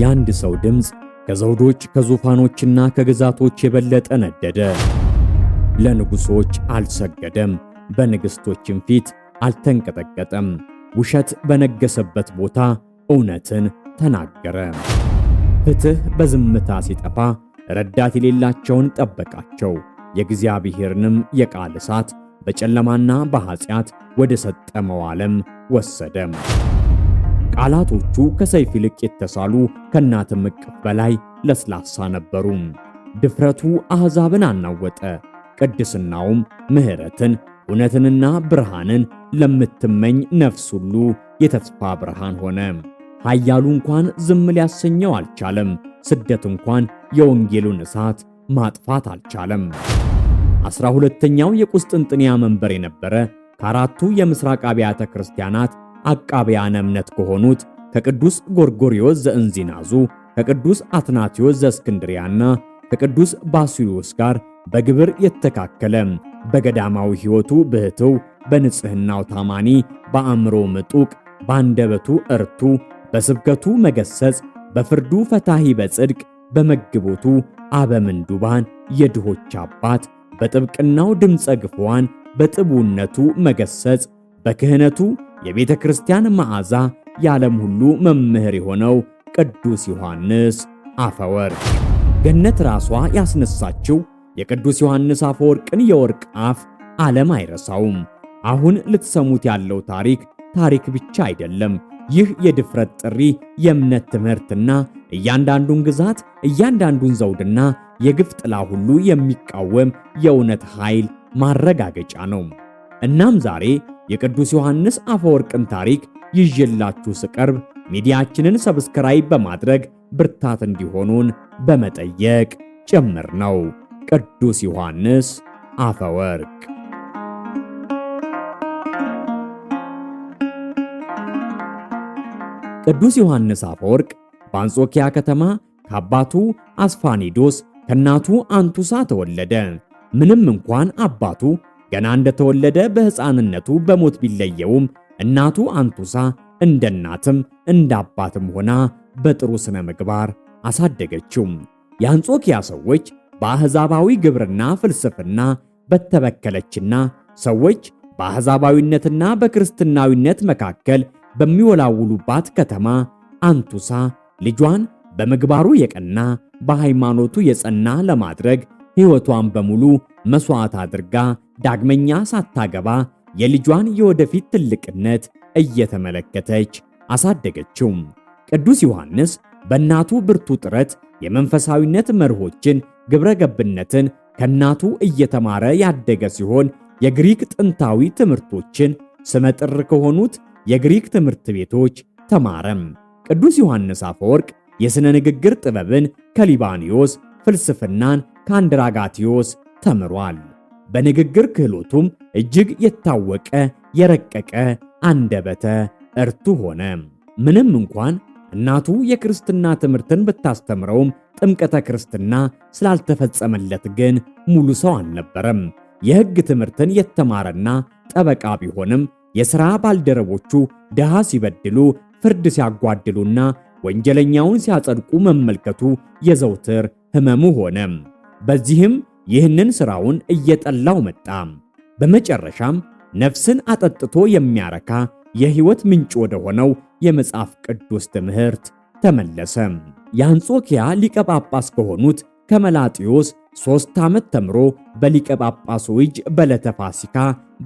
የአንድ ሰው ድምፅ ከዘውዶች ከዙፋኖችና ከግዛቶች የበለጠ ነደደ። ለንጉሶች አልሰገደም፣ በንግሥቶችም ፊት አልተንቀጠቀጠም። ውሸት በነገሰበት ቦታ እውነትን ተናገረ። ፍትሕ በዝምታ ሲጠፋ ረዳት የሌላቸውን ጠበቃቸው። የእግዚአብሔርንም የቃል እሳት በጨለማና በኃጢአት ወደ ሰጠመው ዓለም ወሰደም። ቃላቶቹ ከሰይፍ ይልቅ የተሳሉ ከእናትም እቅፍ በላይ ለስላሳ ነበሩ። ድፍረቱ አሕዛብን አናወጠ፣ ቅድስናውም ምሕረትን፣ እውነትንና ብርሃንን ለምትመኝ ነፍስ ሁሉ የተስፋ ብርሃን ሆነ። ኃያሉ እንኳን ዝም ሊያሰኘው አልቻለም። ስደት እንኳን የወንጌሉን እሳት ማጥፋት አልቻለም። አስራ ሁለተኛው የቁስጥንጥንያ መንበር የነበረ ከአራቱ የምሥራቅ አብያተ ክርስቲያናት አቃቢያነ እምነት ከሆኑት ከቅዱስ ጎርጎሪዮስ ዘእንዚናዙ ከቅዱስ አትናቴዎስ ዘእስክንድሪያና ከቅዱስ ባስዩስ ጋር በግብር የተካከለ በገዳማዊ ሕይወቱ ብህትው በንጽሕናው ታማኒ፣ በአእምሮ ምጡቅ፣ በአንደበቱ እርቱ፣ በስብከቱ መገሰጽ፣ በፍርዱ ፈታሂ በጽድቅ፣ በመግቦቱ አበምንዱባን የድሆች አባት፣ በጥብቅናው ድምፀ በጥቡነቱ መገሰጽ፣ በክህነቱ የቤተ ክርስቲያን መዓዛ የዓለም ሁሉ መምህር የሆነው ቅዱስ ዮሐንስ አፈወርቅ ገነት ራሷ ያስነሳችው የቅዱስ ዮሐንስ አፈወርቅን የወርቅ አፍ ዓለም አይረሳውም። አሁን ልትሰሙት ያለው ታሪክ ታሪክ ብቻ አይደለም። ይህ የድፍረት ጥሪ፣ የእምነት ትምህርትና እያንዳንዱን ግዛት፣ እያንዳንዱን ዘውድና የግፍ ጥላ ሁሉ የሚቃወም የእውነት ኃይል ማረጋገጫ ነው። እናም ዛሬ የቅዱስ ዮሐንስ አፈወርቅን ታሪክ ይዤላችሁ ስቀርብ ሚዲያችንን ሰብስክራይብ በማድረግ ብርታት እንዲሆኑን በመጠየቅ ጭምር ነው። ቅዱስ ዮሐንስ አፈወርቅ ቅዱስ ዮሐንስ አፈወርቅ በአንጾኪያ ከተማ ከአባቱ አስፋኒዶስ ከእናቱ አንቱሳ ተወለደ። ምንም እንኳን አባቱ ገና እንደተወለደ በሕፃንነቱ በሞት ቢለየውም እናቱ አንቱሳ እንደ እናትም እንደ አባትም ሆና በጥሩ ስነ ምግባር አሳደገችው። የአንጾኪያ ሰዎች በአሕዛባዊ ግብርና ፍልስፍና በተበከለችና ሰዎች በአሕዛባዊነትና በክርስትናዊነት መካከል በሚወላውሉባት ከተማ አንቱሳ ልጇን በምግባሩ የቀና በሃይማኖቱ የጸና ለማድረግ ሕይወቷን በሙሉ መሥዋዕት አድርጋ ዳግመኛ ሳታገባ የልጇን የወደፊት ትልቅነት እየተመለከተች አሳደገችው። ቅዱስ ዮሐንስ በእናቱ ብርቱ ጥረት የመንፈሳዊነት መርሆችን ግብረ ገብነትን ከእናቱ እየተማረ ያደገ ሲሆን የግሪክ ጥንታዊ ትምህርቶችን ስመጥር ከሆኑት የግሪክ ትምህርት ቤቶች ተማረም። ቅዱስ ዮሐንስ አፈወርቅ የሥነ ንግግር ጥበብን ከሊባኒዮስ፣ ፍልስፍናን ካንድራጋቲዮስ ተምሯል። በንግግር ክህሎቱም እጅግ የታወቀ የረቀቀ አንደበተ እርቱ ሆነ። ምንም እንኳን እናቱ የክርስትና ትምህርትን ብታስተምረውም ጥምቀተ ክርስትና ስላልተፈጸመለት ግን ሙሉ ሰው አልነበረም። የሕግ ትምህርትን የተማረና ጠበቃ ቢሆንም የሥራ ባልደረቦቹ ድሃ ሲበድሉ፣ ፍርድ ሲያጓድሉና ወንጀለኛውን ሲያጸድቁ መመልከቱ የዘውትር ሕመሙ ሆነ። በዚህም ይህንን ሥራውን እየጠላው መጣ። በመጨረሻም ነፍስን አጠጥቶ የሚያረካ የሕይወት ምንጭ ወደ ሆነው የመጽሐፍ ቅዱስ ትምህርት ተመለሰ። የአንጾኪያ ሊቀ ጳጳስ ከሆኑት ከመላጢዮስ ሦስት ዓመት ተምሮ በሊቀ ጳጳሱ እጅ በዕለተ ፋሲካ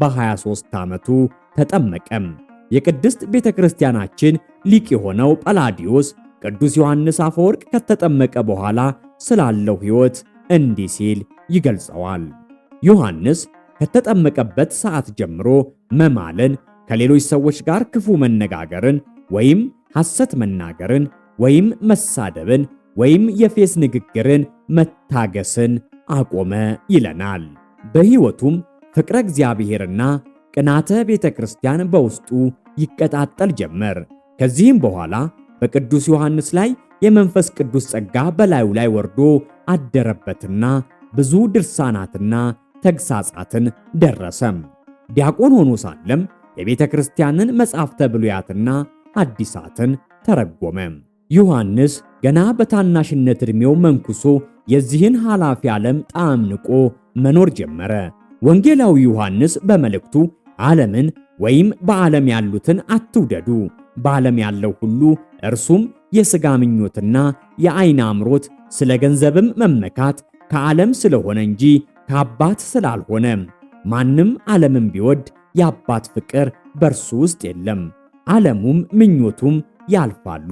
በ23 ዓመቱ ተጠመቀ። የቅድስት ቤተ ክርስቲያናችን ሊቅ የሆነው ጳላዲዮስ ቅዱስ ዮሐንስ አፈወርቅ ከተጠመቀ በኋላ ስላለው ሕይወት እንዲህ ሲል ይገልጸዋል። ዮሐንስ ከተጠመቀበት ሰዓት ጀምሮ መማልን፣ ከሌሎች ሰዎች ጋር ክፉ መነጋገርን ወይም ሐሰት መናገርን ወይም መሳደብን ወይም የፌዝ ንግግርን መታገስን አቆመ ይለናል። በሕይወቱም ፍቅረ እግዚአብሔርና ቅናተ ቤተ ክርስቲያን በውስጡ ይቀጣጠል ጀመር። ከዚህም በኋላ በቅዱስ ዮሐንስ ላይ የመንፈስ ቅዱስ ጸጋ በላዩ ላይ ወርዶ አደረበትና ብዙ ድርሳናትና ተግሳጻትን ደረሰም። ዲያቆን ሆኖ ሳለም የቤተ ክርስቲያንን መጻሕፍተ ብሉያትና አዲሳትን ተረጎመ። ዮሐንስ ገና በታናሽነት ዕድሜው መንኩሶ የዚህን ኃላፊ ዓለም ጣዕም ንቆ መኖር ጀመረ። ወንጌላዊ ዮሐንስ በመልእክቱ ዓለምን ወይም በዓለም ያሉትን አትውደዱ በዓለም ያለው ሁሉ እርሱም የሥጋ ምኞትና የዓይን አምሮት ስለ ገንዘብም መመካት ከዓለም ስለሆነ እንጂ ከአባት ስላልሆነ ማንም ዓለምን ቢወድ የአባት ፍቅር በእርሱ ውስጥ የለም። ዓለሙም ምኞቱም ያልፋሉ፣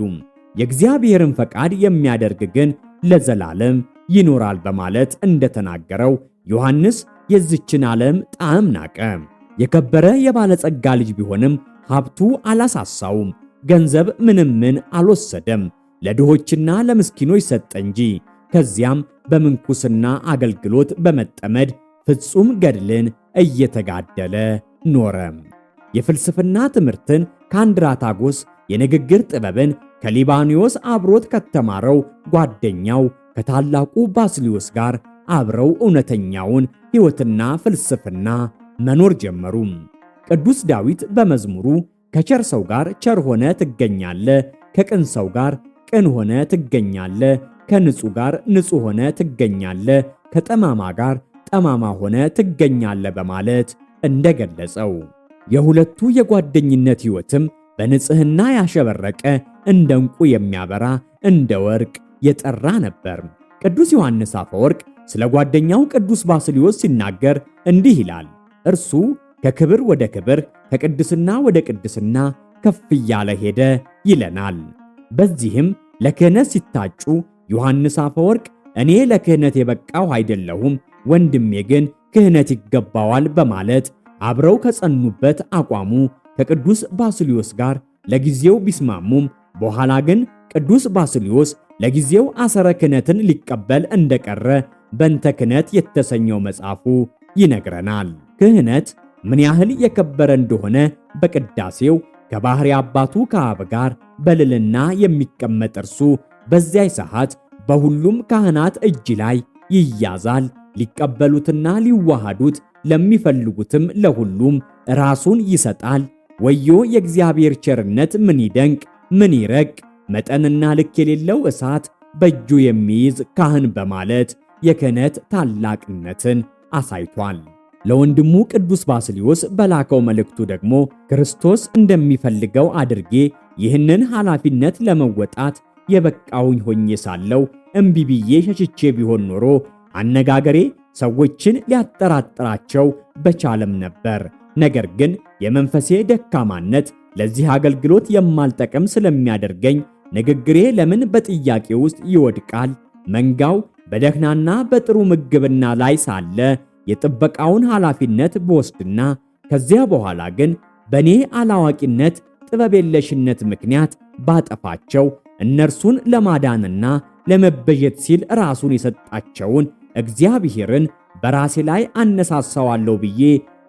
የእግዚአብሔርን ፈቃድ የሚያደርግ ግን ለዘላለም ይኖራል በማለት እንደተናገረው ዮሐንስ የዚችን ዓለም ጣዕም ናቀ። የከበረ የባለጸጋ ልጅ ቢሆንም ሀብቱ አላሳሳውም። ገንዘብ ምንም ምን አልወሰደም። ለድሆችና ለምስኪኖች ሰጠ እንጂ። ከዚያም በምንኩስና አገልግሎት በመጠመድ ፍጹም ገድልን እየተጋደለ ኖረ። የፍልስፍና ትምህርትን ከአንድራታጎስ፣ የንግግር ጥበብን ከሊባኒዮስ አብሮት ከተማረው ጓደኛው ከታላቁ ባስሊዮስ ጋር አብረው እውነተኛውን ሕይወትና ፍልስፍና መኖር ጀመሩ። ቅዱስ ዳዊት በመዝሙሩ ከቸር ሰው ጋር ቸር ሆነ ትገኛለ፣ ከቅን ሰው ጋር ቅን ሆነ ትገኛለ፣ ከንጹህ ጋር ንጹሕ ሆነ ትገኛለ፣ ከጠማማ ጋር ጠማማ ሆነ ትገኛለ በማለት እንደገለጸው የሁለቱ የጓደኝነት ሕይወትም በንጽህና ያሸበረቀ እንደ ዕንቁ የሚያበራ እንደ ወርቅ የጠራ ነበር። ቅዱስ ዮሐንስ አፈወርቅ ስለ ጓደኛው ቅዱስ ባስልዮስ ሲናገር እንዲህ ይላል። እርሱ ከክብር ወደ ክብር ከቅድስና ወደ ቅድስና ከፍ እያለ ሄደ ይለናል። በዚህም ለክህነት ሲታጩ ዮሐንስ አፈወርቅ እኔ ለክህነት የበቃሁ አይደለሁም፣ ወንድሜ ግን ክህነት ይገባዋል በማለት አብረው ከጸኑበት አቋሙ ከቅዱስ ባስልዮስ ጋር ለጊዜው ቢስማሙም በኋላ ግን ቅዱስ ባስልዮስ ለጊዜው አሰረ ክህነትን ሊቀበል እንደቀረ በእንተ ክህነት የተሰኘው መጽሐፉ ይነግረናል። ክህነት ምን ያህል የከበረ እንደሆነ በቅዳሴው ከባህሪ አባቱ ከአብ ጋር በልልና የሚቀመጥ እርሱ በዚያች ሰዓት በሁሉም ካህናት እጅ ላይ ይያዛል። ሊቀበሉትና ሊዋሃዱት ለሚፈልጉትም ለሁሉም ራሱን ይሰጣል። ወዮ የእግዚአብሔር ቸርነት ምን ይደንቅ ምን ይረቅ! መጠንና ልክ የሌለው እሳት በእጁ የሚይዝ ካህን በማለት የክህነት ታላቅነትን አሳይቷል። ለወንድሙ ቅዱስ ባስሊዮስ በላከው መልእክቱ ደግሞ ክርስቶስ እንደሚፈልገው አድርጌ ይህንን ኃላፊነት ለመወጣት የበቃሁኝ ሆኜ ሳለው እምቢ ብዬ ሸሽቼ ቢሆን ኖሮ አነጋገሬ ሰዎችን ሊያጠራጥራቸው በቻለም ነበር። ነገር ግን የመንፈሴ ደካማነት ለዚህ አገልግሎት የማልጠቅም ስለሚያደርገኝ ንግግሬ ለምን በጥያቄ ውስጥ ይወድቃል? መንጋው በደህናና በጥሩ ምግብና ላይ ሳለ የጥበቃውን ኃላፊነት በወስድና ከዚያ በኋላ ግን በእኔ አላዋቂነት ጥበብ የለሽነት ምክንያት ባጠፋቸው እነርሱን ለማዳንና ለመበጀት ሲል ራሱን የሰጣቸውን እግዚአብሔርን በራሴ ላይ አነሳሳዋለሁ ብዬ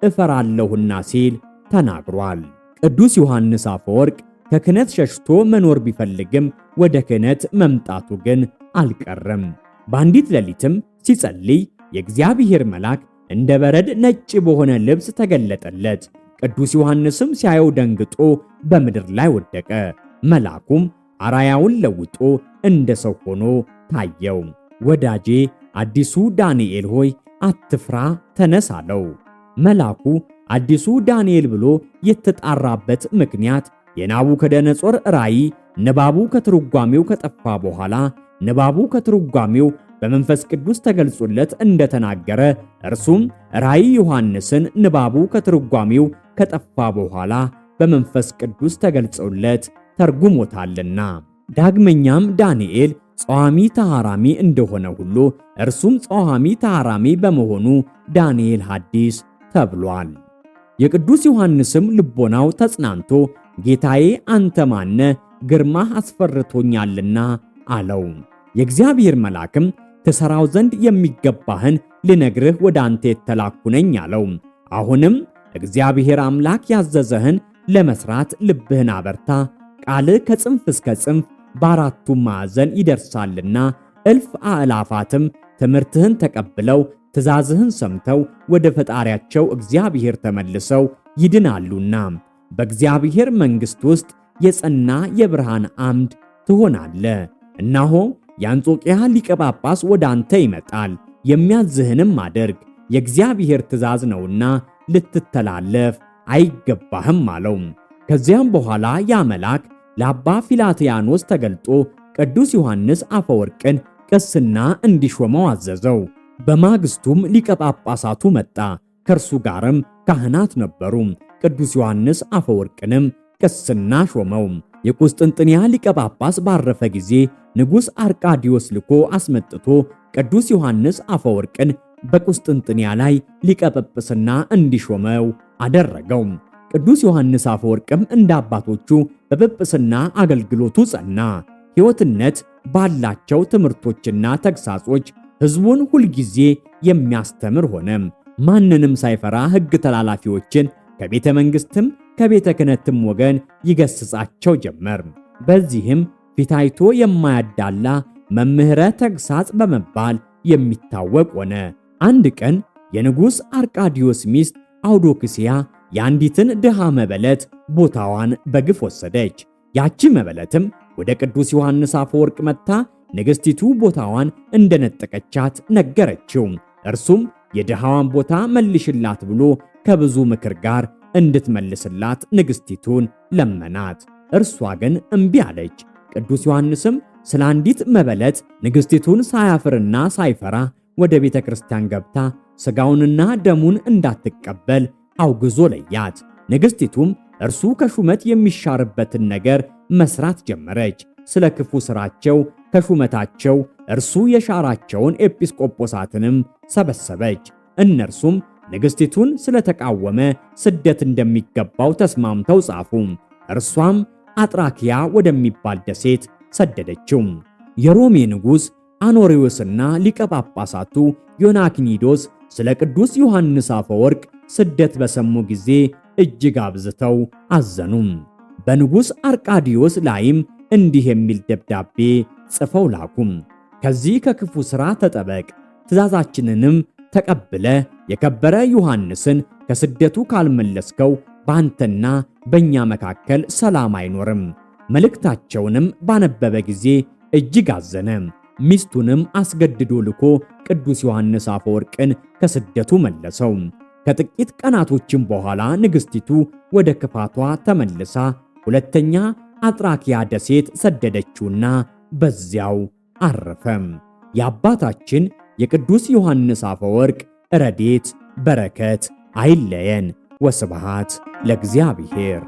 እፈራለሁና ሲል ተናግሯል። ቅዱስ ዮሐንስ አፈወርቅ ከክህነት ሸሽቶ መኖር ቢፈልግም ወደ ክህነት መምጣቱ ግን አልቀርም! በአንዲት ሌሊትም ሲጸልይ የእግዚአብሔር መልአክ እንደ በረድ ነጭ በሆነ ልብስ ተገለጠለት። ቅዱስ ዮሐንስም ሲያየው ደንግጦ በምድር ላይ ወደቀ። መልአኩም አራያውን ለውጦ እንደ ሰው ሆኖ ታየው። ወዳጄ አዲሱ ዳንኤል ሆይ አትፍራ፣ ተነስ አለው። መልአኩ አዲሱ ዳንኤል ብሎ የተጣራበት ምክንያት የናቡከደነጾር ራእይ ንባቡ ከትርጓሜው ከጠፋ በኋላ ንባቡ ከትርጓሜው በመንፈስ ቅዱስ ተገልጾለት እንደተናገረ እርሱም ራእይ ዮሐንስን ንባቡ ከትርጓሜው ከጠፋ በኋላ በመንፈስ ቅዱስ ተገልጾለት ተርጉሞታልና። ዳግመኛም ዳንኤል ጸዋሚ ተሃራሚ እንደሆነ ሁሉ እርሱም ጸዋሚ ተሃራሚ በመሆኑ ዳንኤል ሐዲስ ተብሏል። የቅዱስ ዮሐንስም ልቦናው ተጽናንቶ ጌታዬ አንተ ማነ ግርማህ አስፈርቶኛልና አለው። የእግዚአብሔር መልአክም ተሰራው ዘንድ የሚገባህን ልነግርህ ወደ አንተ የተላኩ ነኝ አለው። አሁንም እግዚአብሔር አምላክ ያዘዘህን ለመስራት ልብህን አበርታ፣ ቃልህ ከጽንፍ እስከ ጽንፍ በአራቱ ማዕዘን ይደርሳልና እልፍ አእላፋትም ትምህርትህን ተቀብለው ትዛዝህን ሰምተው ወደ ፈጣሪያቸው እግዚአብሔር ተመልሰው ይድናሉና በእግዚአብሔር መንግሥት ውስጥ የጸና የብርሃን አምድ ትሆናለ። እናሆ የአንጾቂያ ሊቀ ጳጳስ ወደ አንተ ይመጣል፣ የሚያዝህንም አድርግ፣ የእግዚአብሔር ትእዛዝ ነውና ልትተላለፍ አይገባህም አለው። ከዚያም በኋላ ያ መልአክ ለአባ ፊላትያኖስ ተገልጦ ቅዱስ ዮሐንስ አፈወርቅን ቅስና እንዲሾመው አዘዘው። በማግስቱም ሊቀ ጳጳሳቱ መጣ፣ ከእርሱ ጋርም ካህናት ነበሩ። ቅዱስ ዮሐንስ አፈወርቅንም ቅስና ሾመው። የቁስጥንጥንያ ሊቀ ጳጳስ ባረፈ ጊዜ ንጉሥ አርቃዲዮስ ልኮ አስመጥቶ ቅዱስ ዮሐንስ አፈወርቅን በቁስጥንጥንያ ላይ ሊቀ ጵጵስና እንዲሾመው አደረገው። ቅዱስ ዮሐንስ አፈወርቅም እንደ አባቶቹ በጵጵስና አገልግሎቱ ጸና። ሕይወትነት ባላቸው ትምህርቶችና ተግሳጾች ሕዝቡን ሁልጊዜ የሚያስተምር ሆነ። ማንንም ሳይፈራ ሕግ ተላላፊዎችን ከቤተ መንግሥትም ከቤተ ክህነትም ወገን ይገስጻቸው ጀመር። በዚህም ፊታይቶ የማያዳላ መምህረ ተግሳጽ በመባል የሚታወቅ ሆነ። አንድ ቀን የንጉሥ አርቃዲዮስ ሚስት አውዶክሲያ የአንዲትን ድሃ መበለት ቦታዋን በግፍ ወሰደች። ያቺ መበለትም ወደ ቅዱስ ዮሐንስ አፈወርቅ መጥታ ንግሥቲቱ ቦታዋን እንደነጠቀቻት ነገረችው። እርሱም የድሃዋን ቦታ መልሽላት ብሎ ከብዙ ምክር ጋር እንድትመልስላት ንግሥቲቱን ለመናት። እርሷ ግን እምቢ አለች። ቅዱስ ዮሐንስም ስለ አንዲት መበለት ንግሥቲቱን ሳያፍርና ሳይፈራ ወደ ቤተ ክርስቲያን ገብታ ሥጋውንና ደሙን እንዳትቀበል አውግዞ ለያት። ንግሥቲቱም እርሱ ከሹመት የሚሻርበትን ነገር መስራት ጀመረች። ስለ ክፉ ሥራቸው ከሹመታቸው እርሱ የሻራቸውን ኤጲስቆጶሳትንም ሰበሰበች። እነርሱም ነገሥቲቱን ስለተቃወመ ስደት እንደሚገባው ተስማምተው ጻፉ። እርሷም አጥራኪያ ወደሚባል ደሴት ሰደደችው። የሮሜ ንጉሥ አኖሪዮስና ሊቀ ጳጳሳቱ ዮናክኒዶስ ስለ ቅዱስ ዮሐንስ አፈወርቅ ስደት በሰሙ ጊዜ እጅግ አብዝተው አዘኑ። በንጉሥ አርቃዲዮስ ላይም እንዲህ የሚል ደብዳቤ ጽፈው ላኩም። ከዚህ ከክፉ ሥራ ተጠበቅ፣ ትእዛዛችንንም ተቀብለ የከበረ ዮሐንስን ከስደቱ ካልመለስከው በአንተና በእኛ መካከል ሰላም አይኖርም። መልእክታቸውንም ባነበበ ጊዜ እጅግ አዘነ። ሚስቱንም አስገድዶ ልኮ ቅዱስ ዮሐንስ አፈወርቅን ከስደቱ መለሰው። ከጥቂት ቀናቶችም በኋላ ንግሥቲቱ ወደ ክፋቷ ተመልሳ ሁለተኛ አጥራኪያ ደሴት ሰደደችውና በዚያው አረፈም። የአባታችን የቅዱስ ዮሐንስ አፈወርቅ ረድኤት በረከት አይለየን። ወስብሃት ለእግዚአብሔር።